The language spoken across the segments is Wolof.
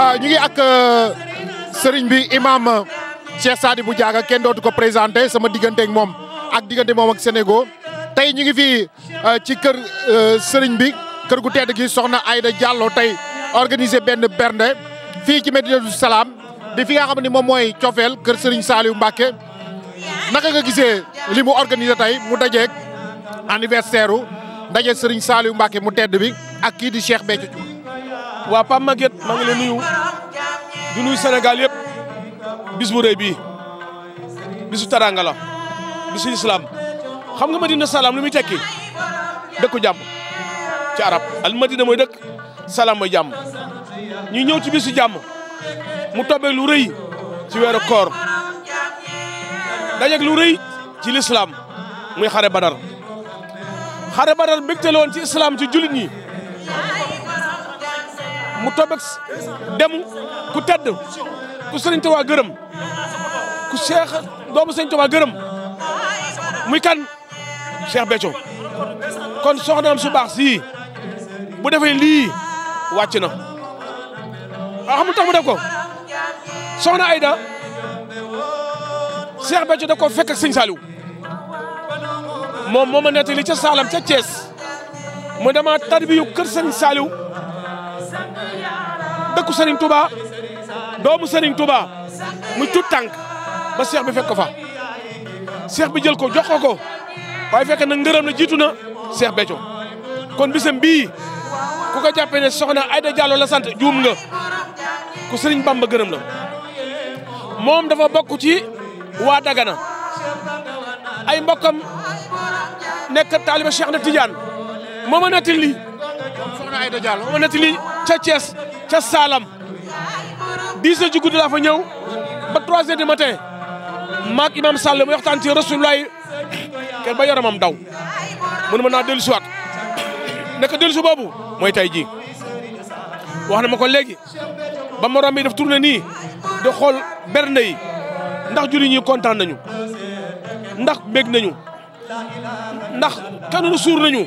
Ah, ñu ngi ak euh, sëriñ bi imam euh, Cheikh Sadibou Diaga kenn dootu ko présenté sama diggante ak moom ak diggante moom ak Sénégal tey ñu ngi fii euh, ci kër sëriñ bi kër gu tedd gi soxna Aïda Diallo tey organisé benn bernde fii ci Medinatoul Salam di fi nga xam ni moom mooy cofeel kër sëriñ Saliou mbake naka nga gisee li mu organisé tey mu dajeeg anniversaire u dajeeg sëriñ Saliou mbake mu tedd bi ak kii di Cheikh Béthio waa Pape Maguette maa ngi leen nuyu di nuyu Sénégal yëpp bis bu rëy bii bisu taranga la bisu islam xam nga Madina salaam lu muy tekki dëkku jàmm ci arab al Madina mooy dëkk salaam mooy jàmm ñuy ñëw ci bisu jàmm mu tobe lu rëy ci weeru koor dajeeg lu rëy ci lislaam muy xare badar xare badar mbégte la woon ci islam ci jullit ñi mu tobeeg demu ku tedd ku sëriñ Tuubaa gërëm ku Cheikh doomu sëriñ Tuubaa gërëm muy kan Cheikh Béthio kon soxnaam su baax sii bu defee lii wàcc na waaw ah, xam tax mu def ko soxna Aida Cheikh Béthio da ko fekk sëñ Saliou moom moo ma nettali ca Saalam ca Thiès mu dama tarbiyu kër sëñ saaliw dëkku Serigne Touba doomu sëriñ Touba mu tut tànk ba seex bi fekk ko fa. seex bi jël ko jox ko ko waaye fekk na ngërëm na jiitu na seex Béthio kon bisam bii ku ko jàppee ne soxna Aïda Diallo la sant juum nga ku Serigne Bamba gërëm la moom dafa bokk ci waa Dagana ay mbokkam nekk taaliba Cheikh na Tidiane moo ma nettali lii ca Saalam 10 heures ci guddi laa fa ñëw ba 3 heures du matin maak imam Sall mu waxtaan ci Rasulullaay kenn ba yaramam daw mu ma naa dellu siwaat nekk dellu si boobu mooy tay ji wax na ma ko léegi ba morom bi daf tourné nii di xool bernde yi ndax julli ñi kontaan nañu ndax bég nañu ndax kanu suur nañu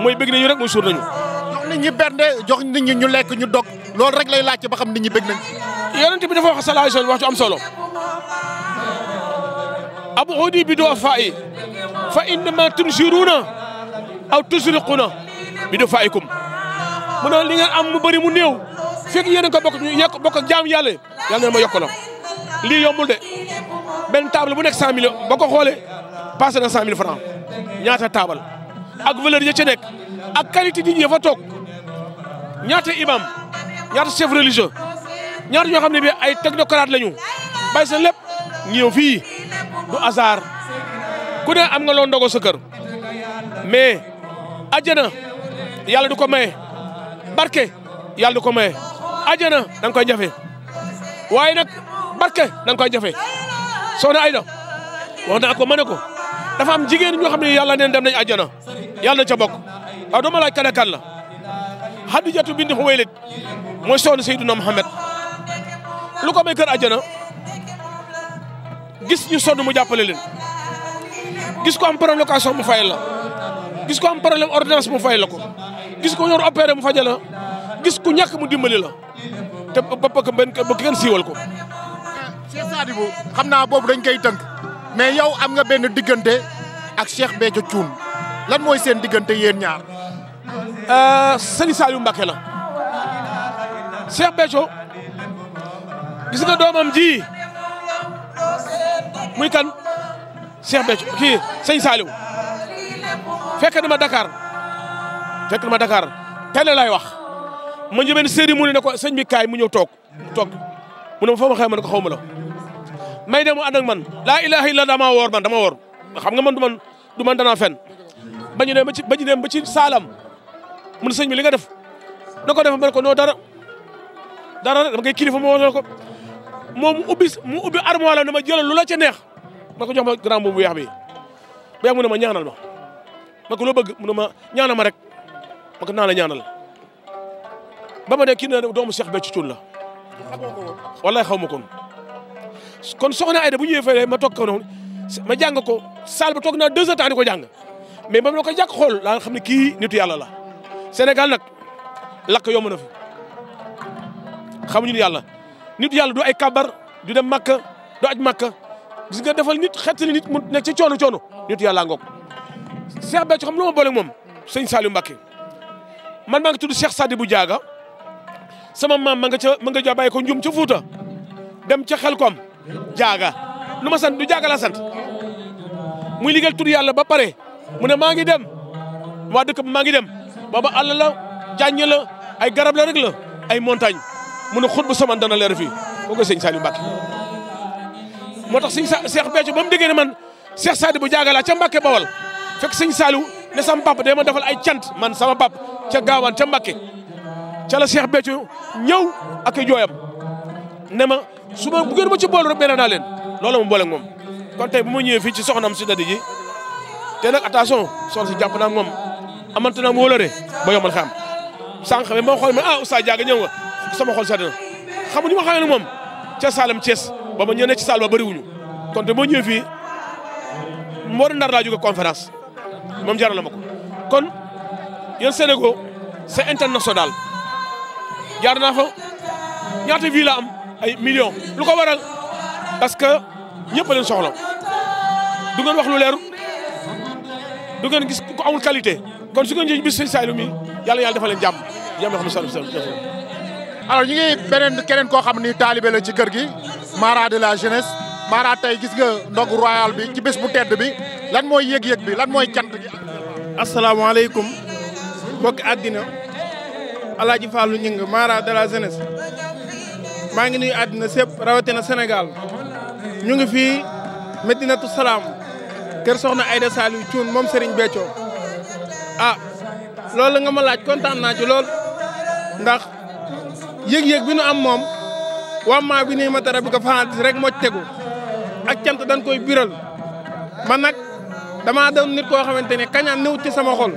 mooy bég nañu rek mooy suur nañu jox nit ñi bernde jox nit ñu ñu lekk ñu dog loolu rek lay laajte ba xam nit ñi bëgg nañ yonent bi dafa wax sallallahu alayhi wasallam wax ju am solo abu udi bi doo fayi fa innama tunsiruuna aw tusriquuna bi doo fayikum mu ne li nga am mu bëri mu néew fekk yéen ko bokk yekk bokk ak jaam yàlla yàlla na ma yokk lii yombul de benn table bu nekk cent mille ba ko xoolee passé na cent mille francs ñaata taabal ak valeur ya ca nekk ak qualité nit ñi fa toog ñaata imam ñaata chef religieux ñaata ñoo xam ne bi ay technocrate lañu bàyyi sa lépp ñëw fii du hasard ku ne am nga loo ndogo sa kër mais ajjana yàlla du ko maye barke yàlla du ko maye ajjana da nga koy jafe waaye nag barke da nga koy jafe soxna Ayda wax naa ko ma ne ko dafa am jigéen ñoo xam ne yàlla neen dem nañ ajjana yàlla na ca bokk waaw ah, doo ma laaj kan ak kan la Xadijatu binti Xuwaylid mooy soxna Seydina Mohamed lu ko may kër àjjana gis ñu sonn mu jàppale leen gis ko am problème location mu fay la gis ko am problème ordonnance mu fay la ko gis ko yor opéré mu faja la gis ku ñàkk mu dimbali la te ba bëgg benn ba kenn siiwal ko. Cheikh xam naa boobu dañ koy tënk mais yow am nga benn diggante ak Cheikh Béthio Thioune lan mooy seen diggante yéen ñaar. Euh, Serigne Saliou Mbacké la. Cheikh Béthio gis nga doomam ji muy kan Cheikh Béthio kii sëñ Saliou fekk na ma Dakar fekk na ma Dakar tele lay wax ma ñu benn cérémonie ne ko sëñ bi kaay mu ñëw toog toog mu ne ma ma xëy ma ne ko xaw ma la may dem mu ànd man laa ilaha illa dama woor man dama woor xam nga man du man du man danaa fen ba ñu dem ba ci ba ñu dem ba ci saalam mu ne bi li nga def na ko def ma noo dara dara dama koy kilifa ma woon ko moom mu ubbi mu ubbi armoire la dama jëlal lu la ca neex ma ko jox ma grand boobu bu weex bi ba mu ne ma ñaanal ma ma ko loo bëgg mu ne ma ñaanal ma rek ma ko naa la ñaanal ba ma ne kii na doomu Cheikh Béthio Thioune la wallaay xaw ma kon kon soxna Aida bu ñëwee fay ma toog ko noonu ma jàng ko saal ba toog naa deux heures temps di ko jàng mais ba ma ko jàkk xool laa nga xam kii nitu yàlla la Sénégal nag lakk yomb na fi xamuñu ni yàlla nit yàlla du ay kabar du dem makka du aj makka gis nga defal nit xettali nit mu nekk ci coono coono nit yàlla ngoog. Cheikh Béthio xam lu ma boole moom sëñ Saliou Mbacké man maa ngi tudd Cheikh Sadibou Diaga sama maam ma nga ca ma nga ja bàyyi ko njum ca Fuuta dem ca xel Xelkom jaaga nu ma sant du Diaga laa sant muy liggéeyal tur yàlla ba pare mu ne maa ngi dem waa dëkk bi maa ngi dem booba àll la jàññ la ay garab la rek la ay montagne mu ne xut bu saman dana leer fii boo ko sëñ Saliou moo tax sëñ Cheikh Béthio ba mu déggee ne man Cheikh Sadibou Diagala ca Mbacke Bawal fekk sëñ Saliou ne sama papa day ma defal ay cant man sama pap ca gaawaan ca Mbacke ca la Cheikh Béthio ñëw ak i jooyam ne ma su ma bu ci boole rek beneen naa leen loolu ma boole moom kon tey bu ma ñëwee fii ci soxnaam si dadi ji te nag attention soxna si jàpp naa moom amante naa mu wóolare ba yombal xam sànq bi ma xool ma ah Oustaz Diaga ñëw wa sama xol sedd na xam ni ma xamee ne moom ca Saalum Thiès ba ma ñëw ne ci Saalum bëriwuñu kon te boo ñëwee fii Mor Ndar laa jóge conférence moom jaral na ma ko kon yéen Sénégal c'est international jaar naa fa ñaata vie la am ay millions lu ko waral parce que ñëpp a leen soxla wax lu leeru du ngeen gis ku amul qualité kon su ngeen jëlee bis seen Saalum yi yàlla yàlla defal leen jàmm jàmm yoo xam ne Saalum Saalum alors ñu ngi beneen keneen koo xam ni taalibe la ci kër gi Mara de la jeunesse Mara tey gis nga ndog royal bi ci bés bu tedd bi lan mooy yëg-yëg bi lan mooy cant gi. asalaamaaleykum mbokki àddina Alaaji Fallou Gningue Mara de maa ngi àddina sépp rawatina Sénégal ñu ngi fii Medinatu Salaam kër soxna Aïda Saliou Thioune moom Serigne Béthio ah loolu nga ma laaj kontaan naa ci lool ndax. yëg-yëg bi nu am moom wammaa bi nii ma tara bi ko faxaat rek moo tegu ak cant dañ koy biral man nag dama doon nit koo xamante ne kañaan néewut ci sama xol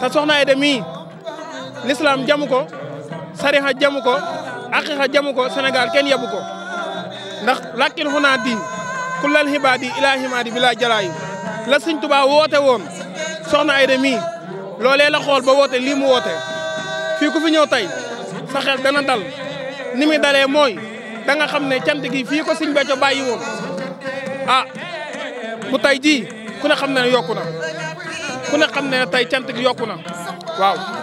te soxna Aida mii lislaam jamu ko sarixa jamu ko aqixa jamu ko Sénégal kenn yabu ko ndax làkkil xunaa di kullal xibaadi ilaa ximaadi bi laa jalaayi la Sëñ Tuubaa woote woon soxna Aida mii loolee la xool ba woote lii mu woote fii ku fi ñëw tey sa xel dana dal ni muy dalee mooy da nga xam ne cant gi fii ko Sëñ Béthio bàyyi woon ah bu tey jii ku ne xam ne yokku na ku ne xam ne tey cant gi yokku na waaw